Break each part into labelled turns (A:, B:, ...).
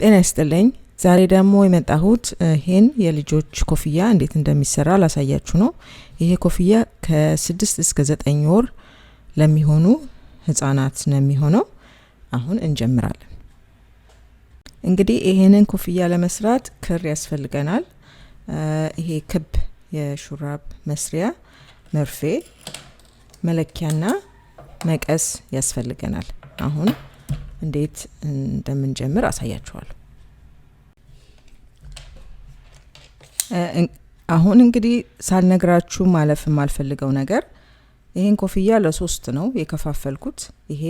A: ጤና ይስጥልኝ። ዛሬ ደግሞ የመጣሁት ይህን የልጆች ኮፍያ እንዴት እንደሚሰራ ላሳያችሁ ነው። ይሄ ኮፍያ ከስድስት እስከ ዘጠኝ ወር ለሚሆኑ ህጻናት ነው የሚሆነው። አሁን እንጀምራለን። እንግዲህ ይሄንን ኮፍያ ለመስራት ክር ያስፈልገናል። ይሄ ክብ የሹራብ መስሪያ መርፌ፣ መለኪያና መቀስ ያስፈልገናል። አሁን እንዴት እንደምንጀምር አሳያችኋል። አሁን እንግዲህ ሳልነግራችሁ ማለፍ የማልፈልገው ነገር ይሄን ኮፍያ ለሶስት ነው የከፋፈልኩት። ይሄ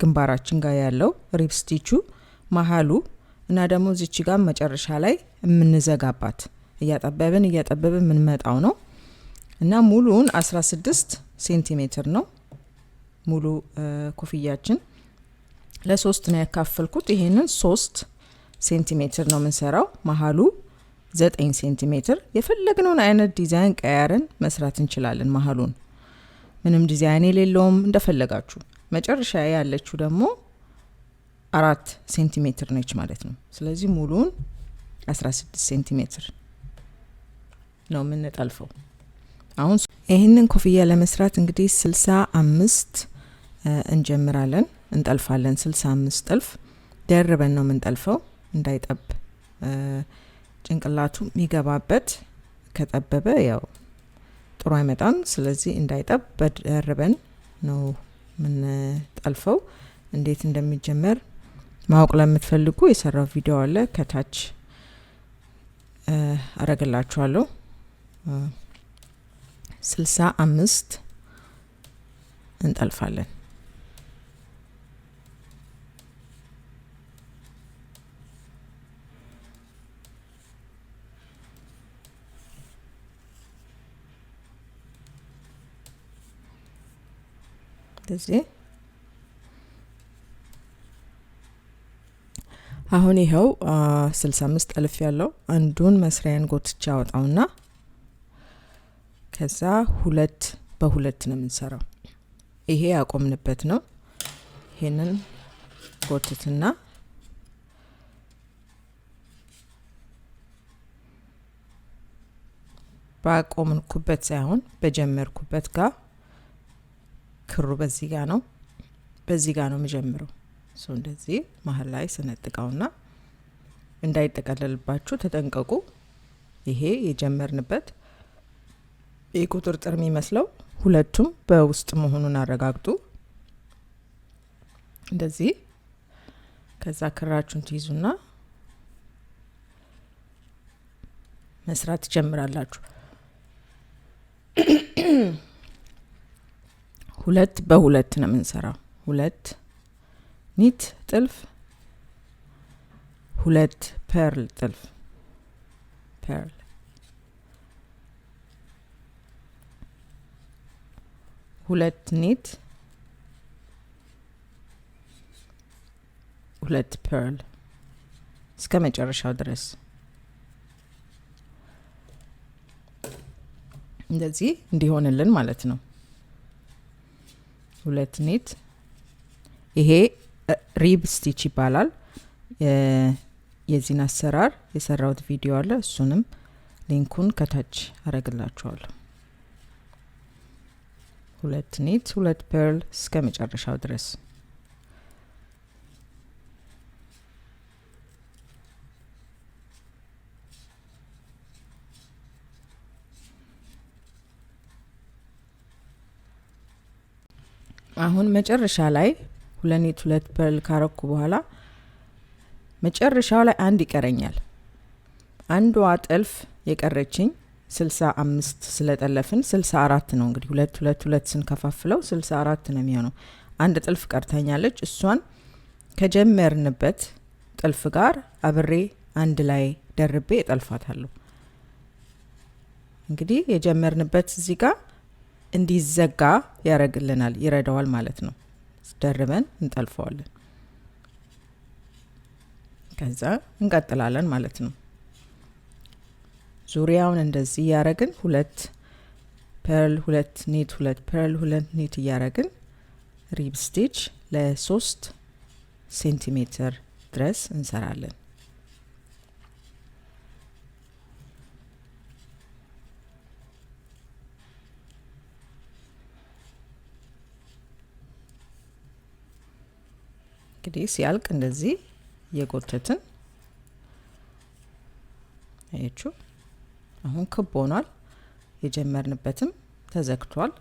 A: ግንባራችን ጋር ያለው ሪፕስቲቹ መሀሉ እና ደግሞ እዚች ጋር መጨረሻ ላይ የምንዘጋባት እያጠበብን እያጠበብን የምንመጣው ነው እና ሙሉውን 16 ሴንቲሜትር ነው ሙሉ ኮፍያችን ለሶስት ነው ያካፈልኩት። ይሄንን ሶስት ሴንቲሜትር ነው የምንሰራው። መሀሉ ዘጠኝ ሴንቲሜትር የፈለግነውን አይነት ዲዛይን ቀያርን መስራት እንችላለን። መሀሉን ምንም ዲዛይን የሌለውም እንደፈለጋችሁ። መጨረሻ ያለችው ደግሞ አራት ሴንቲሜትር ነች ማለት ነው። ስለዚህ ሙሉን 16 ሴንቲሜትር ነው የምንጠልፈው። አሁን ይህንን ኮፍያ ለመስራት እንግዲህ ስልሳ አምስት እንጀምራለን እንጠልፋለን። 65 ጥልፍ ደርበን ነው የምንጠልፈው እንዳይጠብ ጭንቅላቱ የሚገባበት ከጠበበ ያው ጥሩ አይመጣም። ስለዚህ እንዳይጠብ በደርበን ነው የምንጠልፈው። እንዴት እንደሚጀመር ማወቅ ለምትፈልጉ የሰራው ቪዲዮ አለ ከታች አረግላችኋለሁ። ስልሳ አምስት እንጠልፋለን። እንደዚህ አሁን ይኸው ስልሳ አምስት ያለው አንዱን መስሪያን ጎትቻ አወጣውና ከዛ ሁለት በሁለት ነው የምንሰራው። ይሄ ያቆምንበት ነው። ይሄንን ጎትትና ባቆምንኩበት ሳይሆን በጀመርኩበት ጋር ክሩ በዚህ ጋ ነው፣ በዚህ ጋ ነው የምጀምረው። እንደዚህ መሀል ላይ ስነጥቀውና እንዳይጠቀለልባችሁ ተጠንቀቁ። ይሄ የጀመርንበት የቁጥርጥር የሚመስለው ሁለቱም በውስጥ መሆኑን አረጋግጡ። እንደዚህ ከዛ ክራችሁን ትይዙና መስራት ትጀምራላችሁ። ሁለት በሁለት ነው የምንሰራው። ሁለት ኒት ጥልፍ፣ ሁለት ፐርል ጥልፍ ፐርል ሁለት ኒት ሁለት ፐርል እስከ መጨረሻው ድረስ እንደዚህ እንዲሆንልን ማለት ነው። ሁለት ኔት ይሄ ሪብ ስቲች ይባላል። የዚህን አሰራር የሰራውት ቪዲዮ አለ። እሱንም ሊንኩን ከታች አረግላችኋለሁ። ሁለት ኔት ሁለት ፐርል እስከ መጨረሻው ድረስ አሁን መጨረሻ ላይ ሁለኔት ሁለት በል ካረኩ በኋላ መጨረሻው ላይ አንድ ይቀረኛል። አንዷ ጥልፍ የቀረችኝ ስልሳ አምስት ስለጠለፍን ስልሳ አራት ነው እንግዲህ ሁለት ሁለት ሁለት ስንከፋፍለው ስልሳ አራት ነው የሚሆነው። አንድ ጥልፍ ቀርተኛለች እሷን ከጀመርንበት ጥልፍ ጋር አብሬ አንድ ላይ ደርቤ እጠልፋታለሁ። እንግዲህ የጀመርንበት እዚህ ጋር እንዲዘጋ ያደርግልናል፣ ይረዳዋል ማለት ነው። ደርበን እንጠልፈዋለን። ከዛ እንቀጥላለን ማለት ነው። ዙሪያውን እንደዚህ እያረግን ሁለት ፐርል ሁለት ኒት ሁለት ፐርል ሁለት ኒት እያረግን ሪብ ስቲች ለሶስት ሴንቲሜትር ድረስ እንሰራለን። እንግዲህ ሲያልቅ እንደዚህ እየጎተትን አያችሁ፣ አሁን ክብ ሆኗል። የጀመርንበትም ተዘግቷል።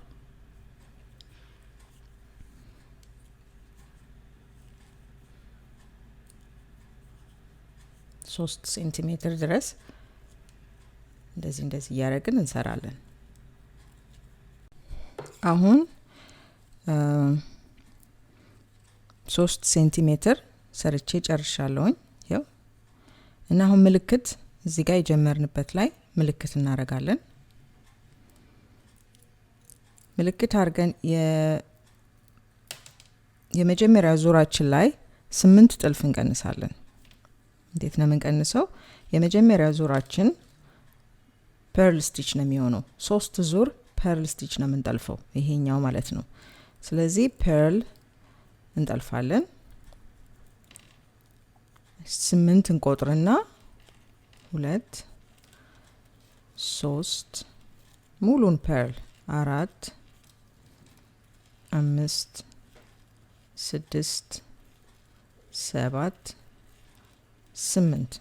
A: ሶስት ሴንቲሜትር ድረስ እንደዚህ እንደዚህ እያደረግን እንሰራለን አሁን ሶስት ሴንቲሜትር ሰርቼ ጨርሻለሁኝ። ይው እና አሁን ምልክት እዚህ ጋር የጀመርንበት ላይ ምልክት እናደርጋለን። ምልክት አድርገን የመጀመሪያ ዙራችን ላይ ስምንት ጥልፍ እንቀንሳለን። እንዴት ነው የምንቀንሰው? የመጀመሪያ ዙራችን ፐርል ስቲች ነው የሚሆነው። ሶስት ዙር ፐርል ስቲች ነው የምንጠልፈው ይሄኛው ማለት ነው። ስለዚህ ፐርል እንጠልፋለን። ስምንት እንቆጥርና ሁለት ሶስት ሙሉን ፐርል አራት አምስት ስድስት ሰባት ስምንት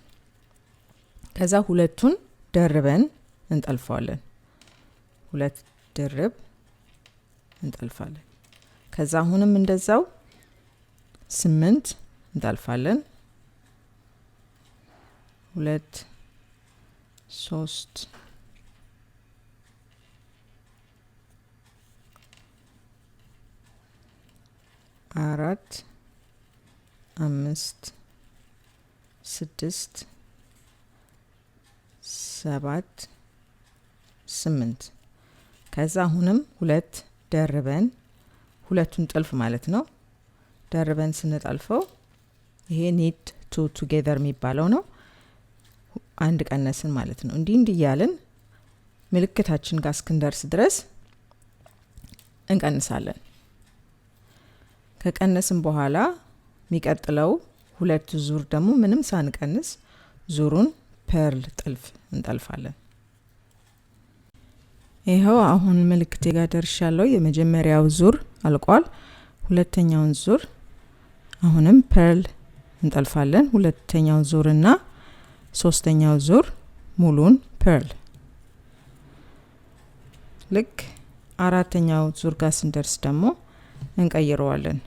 A: ከዛ ሁለቱን ደርበን እንጠልፋለን። ሁለት ድርብ እንጠልፋለን። ከዛ አሁንም እንደዛው ስምንት እንዳልፋለን። ሁለት ሶስት አራት አምስት ስድስት ሰባት ስምንት ከዛ አሁንም ሁለት ደርበን ሁለቱን ጥልፍ ማለት ነው ደርበን ስንጠልፈው ይሄ ኒድ ቱ ቱጌዘር የሚባለው ነው። አንድ ቀነስን ማለት ነው። እንዲህ እንዲህ እያልን ምልክታችን ጋር እስክንደርስ ድረስ እንቀንሳለን። ከቀነስን በኋላ የሚቀጥለው ሁለት ዙር ደግሞ ምንም ሳንቀንስ ዙሩን ፐርል ጥልፍ እንጠልፋለን። ይኸው አሁን ምልክቴ ጋር ደርሻለሁ። የመጀመሪያው ዙር አልቋል። ሁለተኛውን ዙር አሁንም ፐርል እንጠልፋለን። ሁለተኛው ዙር እና ሶስተኛው ዙር ሙሉን ፐርል። ልክ አራተኛው ዙር ጋር ስንደርስ ደግሞ እንቀይረዋለን።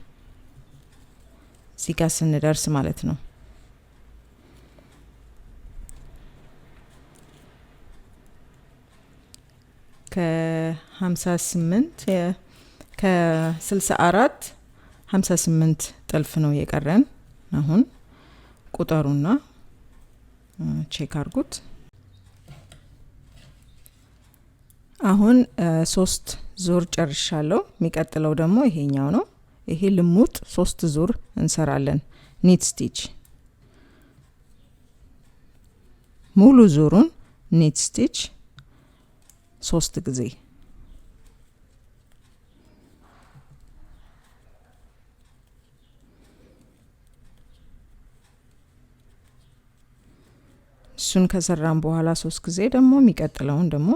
A: እዚህ ጋር ስንደርስ ማለት ነው። ከ58 ከ64 58 ከ ሀምሳ ስምንት ጥልፍ ነው የቀረን። አሁን ቁጠሩና ቼክ አድርጉት። አሁን ሶስት ዙር ጨርሻለሁ። የሚቀጥለው ደግሞ ይሄኛው ነው። ይሄ ልሙጥ ሶስት ዙር እንሰራለን። ኒት ስቲች ሙሉ ዙሩን ኒት ስቲች ሶስት ጊዜ እሱን ከሰራን በኋላ ሶስት ጊዜ ደግሞ የሚቀጥለውን ደግሞ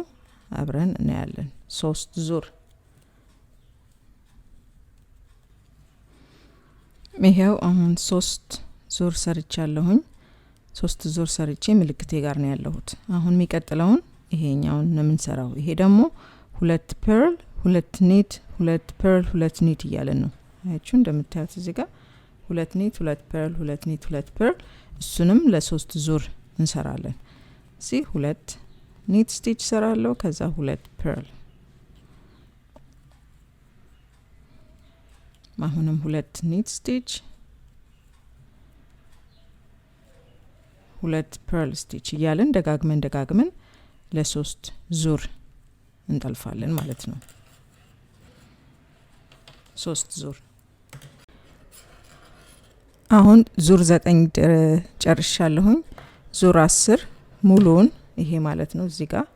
A: አብረን እናያለን። ሶስት ዙር ይሄው አሁን ሶስት ዙር ሰርቻለሁኝ። ሶስት ዙር ሰርቼ ምልክቴ ጋር ነው ያለሁት። አሁን የሚቀጥለውን ይሄኛውን ነው የምንሰራው። ይሄ ደግሞ ሁለት ፐርል ሁለት ኒት ሁለት ፐርል ሁለት ኒት እያለን ነው። አያችሁ እንደምታዩት እዚህ ጋር ሁለት ኒት ሁለት ፐርል ሁለት ኒት ሁለት ፐርል እሱንም ለሶስት ዙር እንሰራለን። እዚህ ሁለት ኒት ስቲች ሰራለሁ። ከዛ ሁለት ፐርል አሁንም ሁለት ኒት ስቲች ሁለት ፐርል ስቲች እያለን ደጋግመን ደጋግመን ለሶስት ዙር እንጠልፋለን ማለት ነው። ሶስት ዙር አሁን ዙር ዘጠኝ ጨርሻለሁኝ። ዙር አስር ሙሉን ይሄ ማለት ነው እዚህ ጋር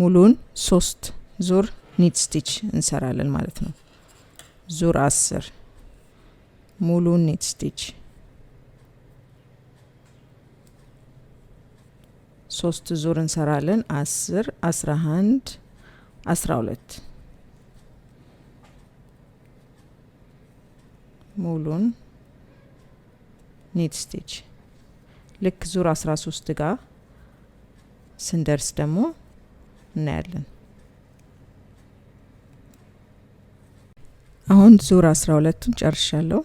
A: ሙሉን ሶስት ዙር ኒት ስቲች እንሰራለን ማለት ነው። ዙር አስር ሙሉን ኒት ስቲች ሶስት ዙር እንሰራለን። አስር አስራ አንድ አስራ ሁለት ሙሉን ኒት ስቲች ልክ ዙር 13 ጋር ስንደርስ ደግሞ እናያለን። አሁን ዙር 12ቱን ጨርሻለሁ።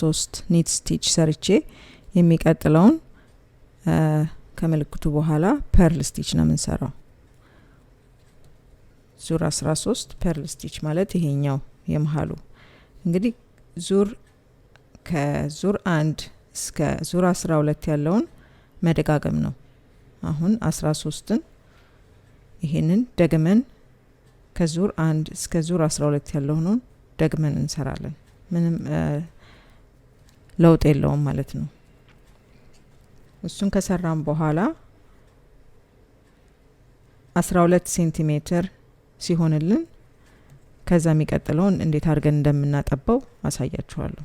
A: ሶስት ኒት ስቲች ሰርቼ የሚቀጥለውን ከምልክቱ በኋላ ፐርል ስቲች ነው የምንሰራው። ዙር 13 ፐርል ስቲች ማለት ይሄኛው የመሀሉ እንግዲህ ዙር ከዙር አንድ እስከ ዙር 12 ያለውን መደጋገም ነው። አሁን 13ን ይሄንን ደግመን ከዙር አንድ እስከ ዙር 12 ያለውን ደግመን እንሰራለን። ምንም ለውጥ የለውም ማለት ነው። እሱን ከሰራም በኋላ 12 ሴንቲሜትር ሲሆንልን ከዛ የሚቀጥለውን እንዴት አድርገን እንደምናጠባው አሳያችኋለሁ።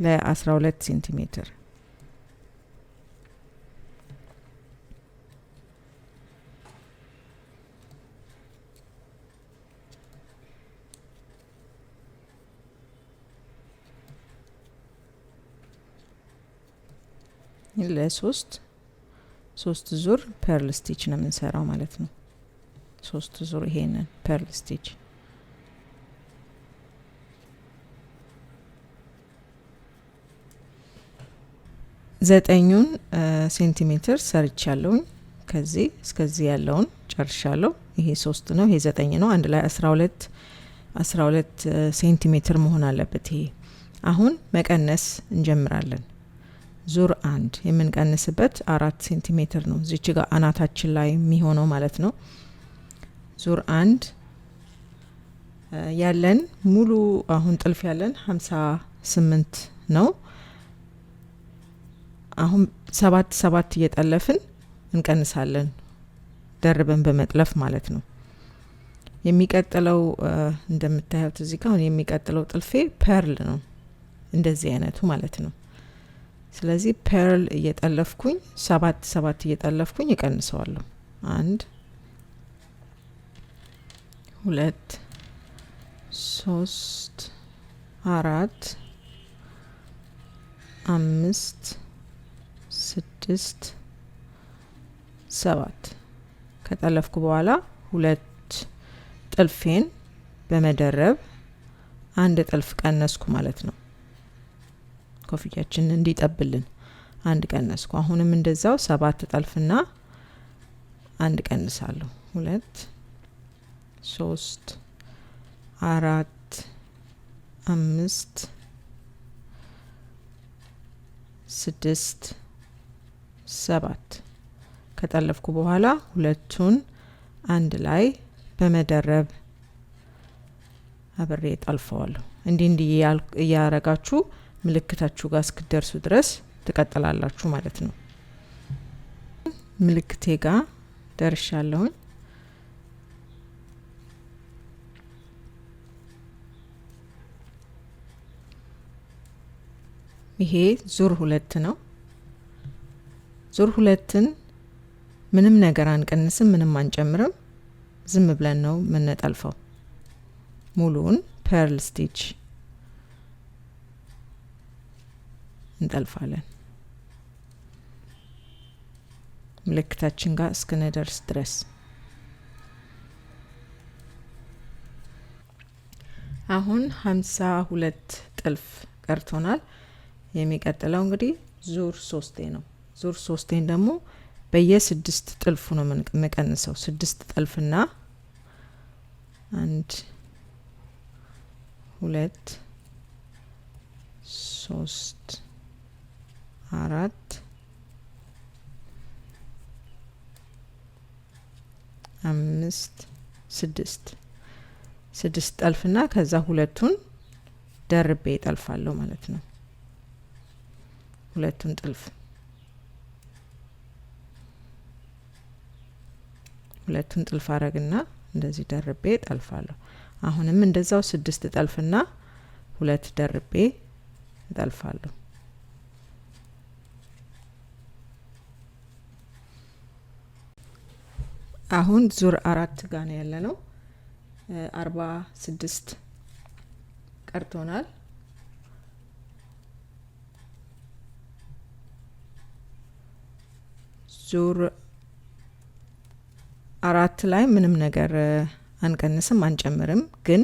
A: ለ12 ሴንቲሜትር ለሶስት ሶስት ዙር ፐርል ስቲች ነው የምንሰራው ማለት ነው። ሶስት ዙር ይሄንን ፐርል ስቲች ዘጠኙን ሴንቲሜትር ሰርቻለሁኝ። ከዚህ እስከዚህ ያለውን ጨርሻለሁ። ይሄ ሶስት ነው፣ ይሄ ዘጠኝ ነው። አንድ ላይ አስራ ሁለት አስራ ሁለት ሴንቲሜትር መሆን አለበት። ይሄ አሁን መቀነስ እንጀምራለን። ዙር አንድ የምንቀንስበት አራት ሴንቲሜትር ነው። እዚች ጋር አናታችን ላይ የሚሆነው ማለት ነው። ዙር አንድ ያለን ሙሉ አሁን ጥልፍ ያለን ሀምሳ ስምንት ነው። አሁን ሰባት ሰባት እየጠለፍን እንቀንሳለን፣ ደርበን በመጥለፍ ማለት ነው። የሚቀጥለው እንደምታዩት እዚህ ጋ አሁን የሚቀጥለው ጥልፌ ፐርል ነው፣ እንደዚህ አይነቱ ማለት ነው። ስለዚህ ፐርል እየጠለፍኩኝ ሰባት ሰባት እየጠለፍኩኝ እቀንሰዋለሁ። አንድ ሁለት ሶስት አራት አምስት ስድስት ሰባት ከጠለፍኩ በኋላ ሁለት ጥልፌን በመደረብ አንድ ጥልፍ ቀነስኩ ማለት ነው። ኮፍያችን እንዲጠብልን አንድ ቀነስኩ። አሁንም እንደዛው ሰባት ጠልፍና አንድ ቀንሳለሁ። ሁለት፣ ሶስት፣ አራት፣ አምስት፣ ስድስት ሰባት ከጠለፍኩ በኋላ ሁለቱን አንድ ላይ በመደረብ አብሬ ጠልፈዋለሁ። እንዲህ እንዲህ እያረጋችሁ ምልክታችሁ ጋር እስክደርሱ ድረስ ትቀጥላላችሁ ማለት ነው። ምልክቴ ጋር ደርሻለሁኝ። ይሄ ዙር ሁለት ነው። ዙር ሁለትን ምንም ነገር አንቀንስም፣ ምንም አንጨምርም። ዝም ብለን ነው የምንጠልፈው ሙሉውን ፐርል ስቲች እንጠልፋለን ምልክታችን ጋር እስክንደርስ ድረስ። አሁን ሀምሳ ሁለት ጥልፍ ቀርቶናል። የሚቀጥለው እንግዲህ ዙር ሶስቴ ነው። ዙር ሶስቴን ደግሞ በየስድስት ጥልፉ ነው የምቀንሰው። ስድስት ጥልፍና አንድ ሁለት ሶስት አራት አምስት ስድስት ስድስት ጠልፍና ከዛ ሁለቱን ደርቤ ጠልፋለሁ ማለት ነው። ሁለቱን ጥልፍ ሁለቱን ጥልፍ አረግና እንደዚህ ደርቤ ጠልፋለሁ። አሁንም እንደዛው ስድስት ጠልፍና ሁለት ደርቤ ጠልፋለሁ። አሁን ዙር አራት ጋን ነው ያለ ነው። አርባ ስድስት ቀርቶናል። ዙር አራት ላይ ምንም ነገር አንቀንስም አንጨምርም፣ ግን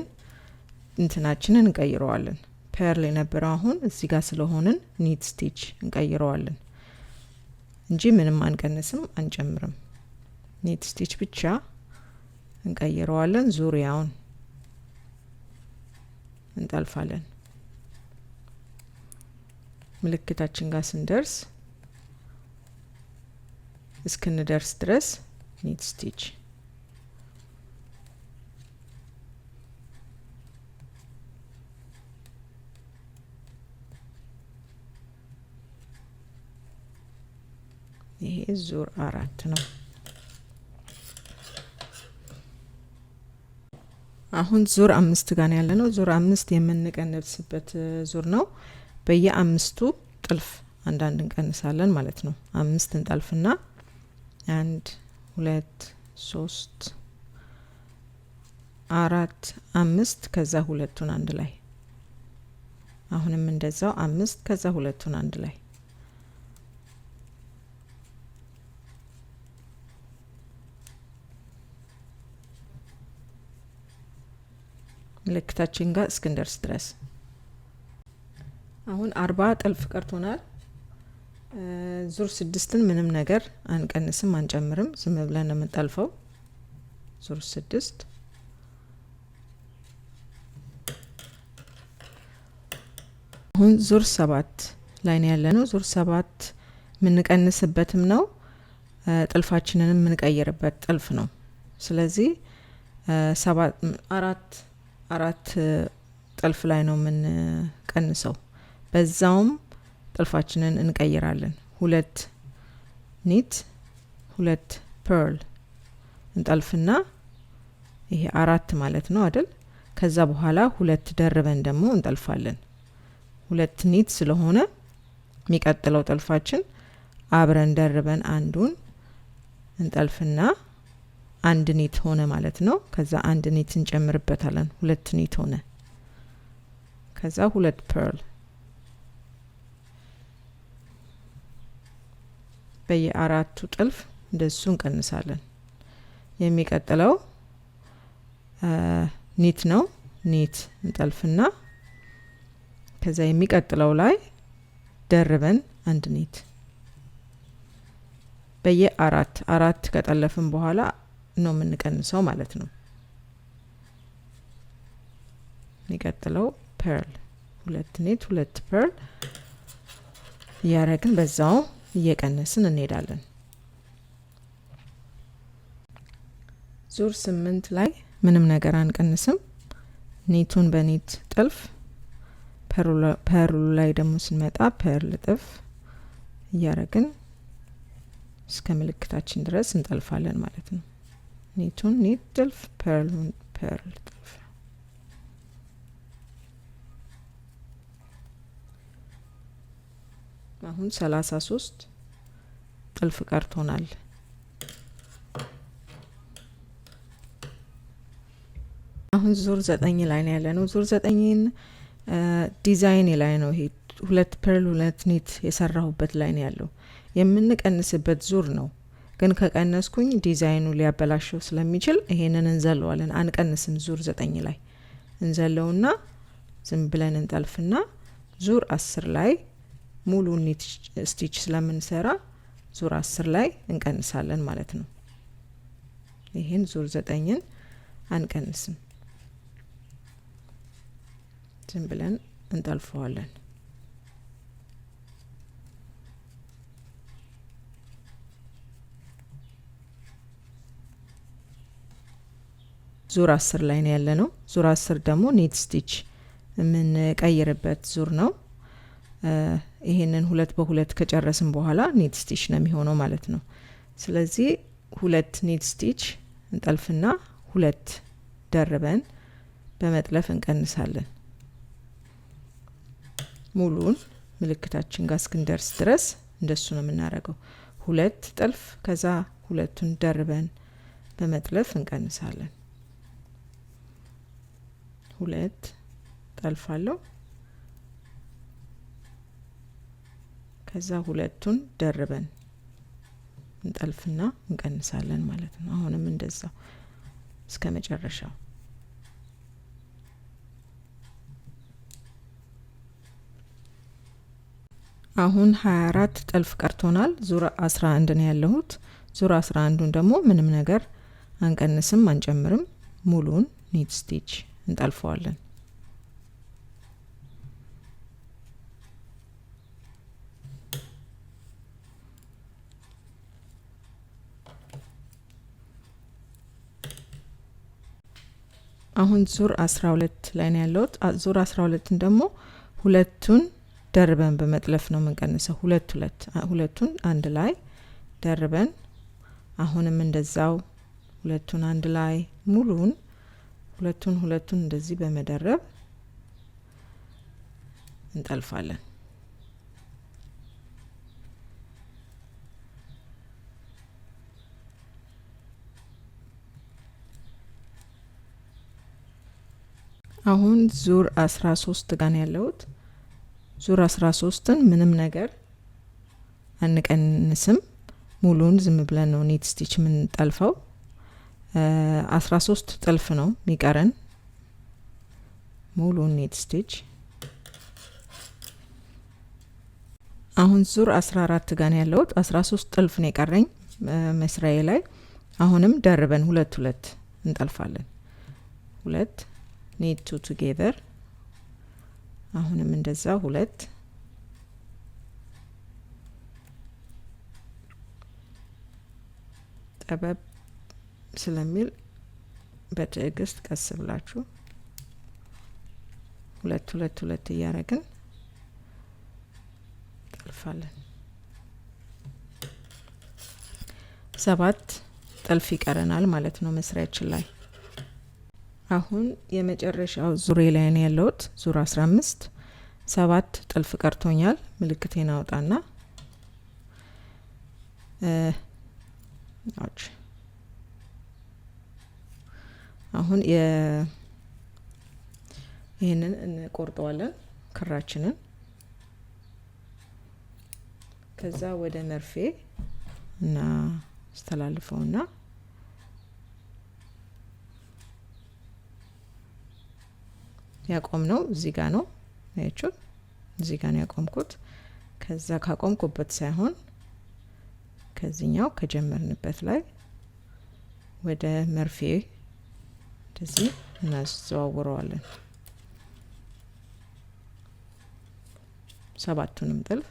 A: እንትናችንን እንቀይረዋለን። ፐርል የነበረው አሁን እዚህ ጋር ስለሆንን ኒድ ስቲች እንቀይረዋለን እንጂ ምንም አንቀንስም አንጨምርም። ኒድ ስቲች ብቻ እንቀይረዋለን። ዙሪያውን እንጠልፋለን። ምልክታችን ጋር ስንደርስ እስክንደርስ ድረስ knit stitch ይሄ ዙር አራት ነው። አሁን ዙር አምስት ጋር ያለ ነው። ዙር አምስት የምንቀንስበት ዙር ነው። በየአምስቱ ጥልፍ አንዳንድ እንቀንሳለን ማለት ነው። አምስት እንጠልፍና አንድ ሁለት ሶስት አራት አምስት ከዛ ሁለቱን አንድ ላይ አሁንም እንደዛው አምስት ከዛ ሁለቱን አንድ ላይ ልክታችን ጋር እስክንደርስ ድረስ አሁን አርባ ጥልፍ ቀርቶናል። ዙር ስድስትን ምንም ነገር አንቀንስም አንጨምርም፣ ዝም ብለን ነው የምንጠልፈው። ዙር ስድስት አሁን ዙር ሰባት ላይ ነው ያለ ነው። ዙር ሰባት የምንቀንስበትም ነው ጥልፋችንንም የምንቀይርበት ጥልፍ ነው። ስለዚህ አራት አራት ጥልፍ ላይ ነው የምንቀንሰው በዛውም ጥልፋችንን እንቀይራለን። ሁለት ኒት ሁለት ፐርል እንጠልፍና ይሄ አራት ማለት ነው አይደል? ከዛ በኋላ ሁለት ደርበን ደግሞ እንጠልፋለን። ሁለት ኒት ስለሆነ የሚቀጥለው ጥልፋችን አብረን ደርበን አንዱን እንጠልፍና አንድ ኒት ሆነ ማለት ነው። ከዛ አንድ ኒት እንጨምርበታለን። ሁለት ኒት ሆነ። ከዛ ሁለት ፐርል በየአራቱ ጥልፍ እንደሱ እንቀንሳለን። የሚቀጥለው ኒት ነው። ኒት እንጠልፍና ከዛ የሚቀጥለው ላይ ደርበን አንድ ኒት በየአራት አራት ከጠለፍን በኋላ ነው የምንቀንሰው ማለት ነው። የሚቀጥለው ፐርል ሁለት ኔት ሁለት ፐርል እያረግን በዛው እየቀነስን እንሄዳለን። ዙር ስምንት ላይ ምንም ነገር አንቀንስም። ኔቱን በኔት ጥልፍ ፐርሉ ላይ ደግሞ ስንመጣ ፐርል ጥልፍ እያረግን እስከ ምልክታችን ድረስ እንጠልፋለን ማለት ነው። ኔቱን ኔት ጥልፍ፣ ፐርሉን ፐርል ጥልፍ አሁን 33 ጥልፍ ቀርቶናል። አሁን ዙር ዘጠኝ ላይ ነው ያለ ነው። ዙር ዘጠኝን ዲዛይን ላይ ነው ይሄ ሁለት ፐርል ሁለት ኒት የሰራሁበት ላይ ነው ያለው። የምንቀንስበት ዙር ነው ግን ከቀነስኩኝ ዲዛይኑ ሊያበላሸው ስለሚችል ይሄንን እንዘለዋለን። አንቀንስም። ዙር ዘጠኝ ላይ እንዘለውና ዝም ብለን እንጠልፍና ዙር አስር ላይ ሙሉ ስቲች ስለምንሰራ ዙር አስር ላይ እንቀንሳለን ማለት ነው። ይህን ዙር ዘጠኝን አንቀንስም፣ ዝም ብለን እንጠልፈዋለን። ዙር አስር ላይ ነው ያለ ነው። ዙር አስር ደግሞ ኔት ስቲች የምንቀይርበት ዙር ነው። ይሄንን ሁለት በሁለት ከጨረስን በኋላ ኒድ ስቲች ነው የሚሆነው ማለት ነው። ስለዚህ ሁለት ኒድ ስቲች እንጠልፍና ሁለት ደርበን በመጥለፍ እንቀንሳለን ሙሉን ምልክታችን ጋር እስክንደርስ ድረስ እንደሱ ነው የምናደርገው። ሁለት ጥልፍ ከዛ ሁለቱን ደርበን በመጥለፍ እንቀንሳለን። ሁለት ጠልፋለሁ። ከዛ ሁለቱን ደርበን እንጠልፍና እንቀንሳለን ማለት ነው። አሁንም እንደዛው እስከ መጨረሻው አሁን 24 ጥልፍ ቀርቶናል። ዙር 11 ነው ያለሁት። ዙር 11 አንዱን ደግሞ ምንም ነገር አንቀንስም፣ አንጨምርም። ሙሉን ኒት ስቲች እንጠልፈዋለን። አሁን ዙር 12 ላይ ነው ያለሁት። ዙር 12ን ደግሞ ሁለቱን ደርበን በመጥለፍ ነው የምንቀንሰው። ሁለት ሁለት ሁለቱን አንድ ላይ ደርበን አሁንም እንደዛው ሁለቱን አንድ ላይ ሙሉን ሁለቱን ሁለቱን እንደዚህ በመደረብ እንጠልፋለን። አሁን ዙር አስራ ሶስት ያለውት ያለሁት። ዙር አስራ ሶስትን ምንም ነገር አንቀንስም። ሙሉን ዝም ብለን ነው ኔት ስቲች የምንጠልፈው። አስራ ሶስት ጥልፍ ነው የሚቀረን ሙሉን ኔት ስቲች። አሁን ዙር አስራ አራት ያለውት ነው ያለሁት። አስራ ሶስት ጥልፍ ነው የቀረኝ መስሪያዬ ላይ። አሁንም ደርበን ሁለት ሁለት እንጠልፋለን ሁለት ኒድ ቱ ቱጌዘር አሁንም እንደዛ ሁለት ጠበብ ስለሚል በትዕግስት ቀስ ብላችሁ ሁለት ሁለት ሁለት እያረግን ጠልፋለን። ሰባት ጠልፍ ይቀረናል ማለት ነው መስሪያችን ላይ አሁን የመጨረሻው ዙሬ ላይ ነው ያለሁት። ዙር 15 ሰባት ጥልፍ ቀርቶኛል። ምልክቴን አውጣና አሁን ይህንን እንቆርጠዋለን ክራችንን። ከዛ ወደ መርፌ እና አስተላልፈውና ያቆም ነው እዚህ ጋ ነው ያችሁት፣ እዚህ ጋ ነው ያቆምኩት። ከዛ ካቆምኩበት ሳይሆን ከዚህኛው ከጀመርንበት ላይ ወደ መርፌ እንደዚህ እናዘዋውረዋለን ሰባቱንም ጥልፍ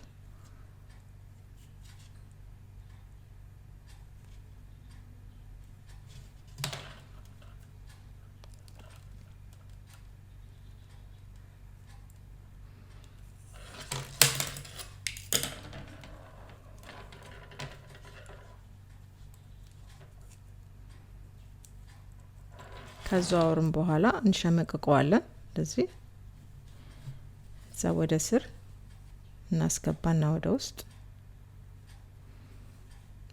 A: ካዘዋወርን በኋላ እንሸመቅቀዋለን። እንደዚህ እዛ ወደ ስር እናስገባና ወደ ውስጥ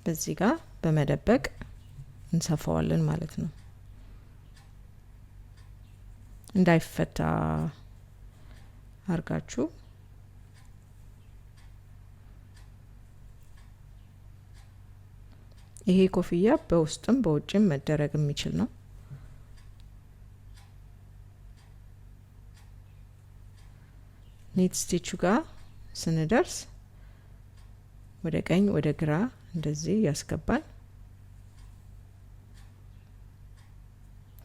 A: በዚህ ጋር በመደበቅ እንሰፋዋለን ማለት ነው። እንዳይፈታ አርጋችሁ ይሄ ኮፍያ በውስጥም በውጭም መደረግ የሚችል ነው። ኔት ስቲቹ ጋር ስንደርስ ወደ ቀኝ ወደ ግራ እንደዚህ ያስገባል።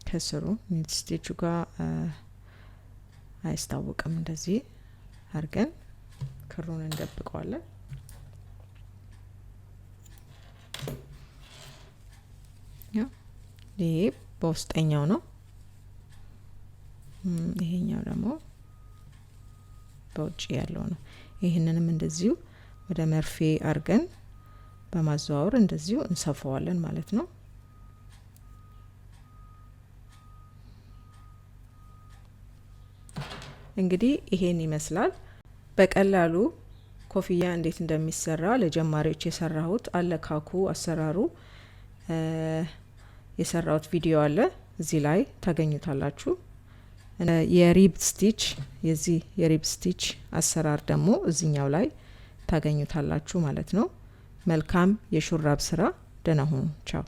A: ከስሩ ኔት ስቲቹ ጋር አያስታውቅም። እንደዚህ አድርገን ክሩን እንደብቀዋለን። ይሄ በውስጠኛው ነው። ይሄኛው ደግሞ ውጭ ያለው ነው። ይህንንም እንደዚሁ ወደ መርፌ አርገን በማዘዋወር እንደዚሁ እንሰፋዋለን ማለት ነው። እንግዲህ ይሄን ይመስላል በቀላሉ ኮፍያ እንዴት እንደሚሰራ ለጀማሪዎች የሰራሁት አለካኩ አሰራሩ የሰራሁት ቪዲዮ አለ እዚህ ላይ ታገኙታላችሁ። የሪብ ስቲች የዚህ የሪብ ስቲች አሰራር ደግሞ እዚኛው ላይ ታገኙታላችሁ ማለት ነው። መልካም የሹራብ ስራ። ደህና ሁኑ። ቻው